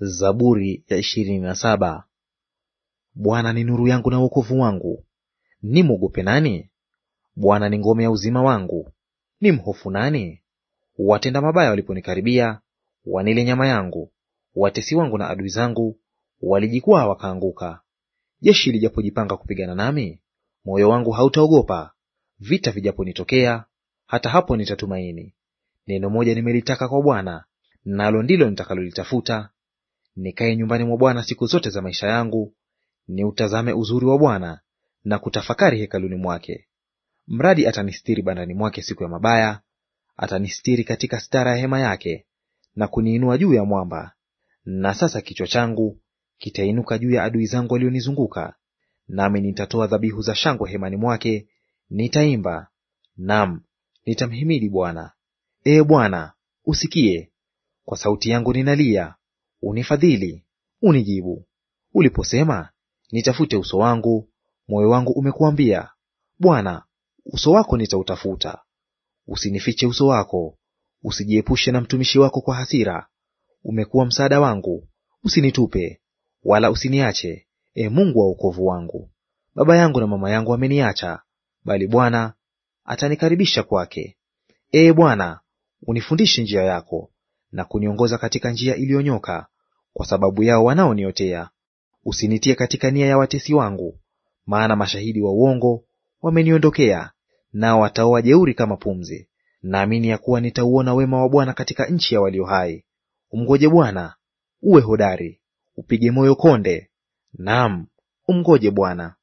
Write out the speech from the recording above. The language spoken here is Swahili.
Zaburi ya ishirini na saba. Bwana ni nuru yangu na wokovu wangu, nimwogope nani? Bwana ni ngome ya uzima wangu, nimhofu nani? Watenda mabaya waliponikaribia, wanile nyama yangu, watesi wangu na adui zangu walijikwaa wakaanguka. Jeshi lijapojipanga kupigana nami, moyo wangu hautaogopa; vita vijaponitokea, hata hapo nitatumaini. Neno moja nimelitaka kwa Bwana, nalo ndilo nitakalolitafuta, nikae nyumbani mwa Bwana siku zote za maisha yangu, niutazame uzuri wa Bwana na kutafakari hekaluni mwake. Mradi atanistiri bandani mwake siku ya mabaya, atanistiri katika stara ya hema yake, na kuniinua juu ya mwamba. Na sasa kichwa changu kitainuka juu ya adui zangu walionizunguka, nami nitatoa dhabihu za shangwe hemani mwake, nitaimba nam, nitamhimidi Bwana. Ee Bwana, usikie; kwa sauti yangu ninalia, unifadhili, unijibu. Uliposema, nitafute uso wangu, moyo wangu umekuambia, Bwana, uso wako nitautafuta. Usinifiche uso wako, usijiepushe na mtumishi wako kwa hasira. Umekuwa msaada wangu, usinitupe wala usiniache, e Mungu wa wokovu wangu. Baba yangu na mama yangu ameniacha, bali Bwana atanikaribisha kwake. Ee Bwana, unifundishe njia yako, na kuniongoza katika njia iliyonyoka kwa sababu yao wanaoniotea. Usinitie katika nia ya watesi wangu, maana mashahidi wa uongo wameniondokea, nao wataoa jeuri kama pumzi. Naamini ya kuwa nitauona wema wa Bwana katika nchi ya walio hai. Umngoje Bwana, uwe hodari, upige moyo konde; naam, umngoje Bwana.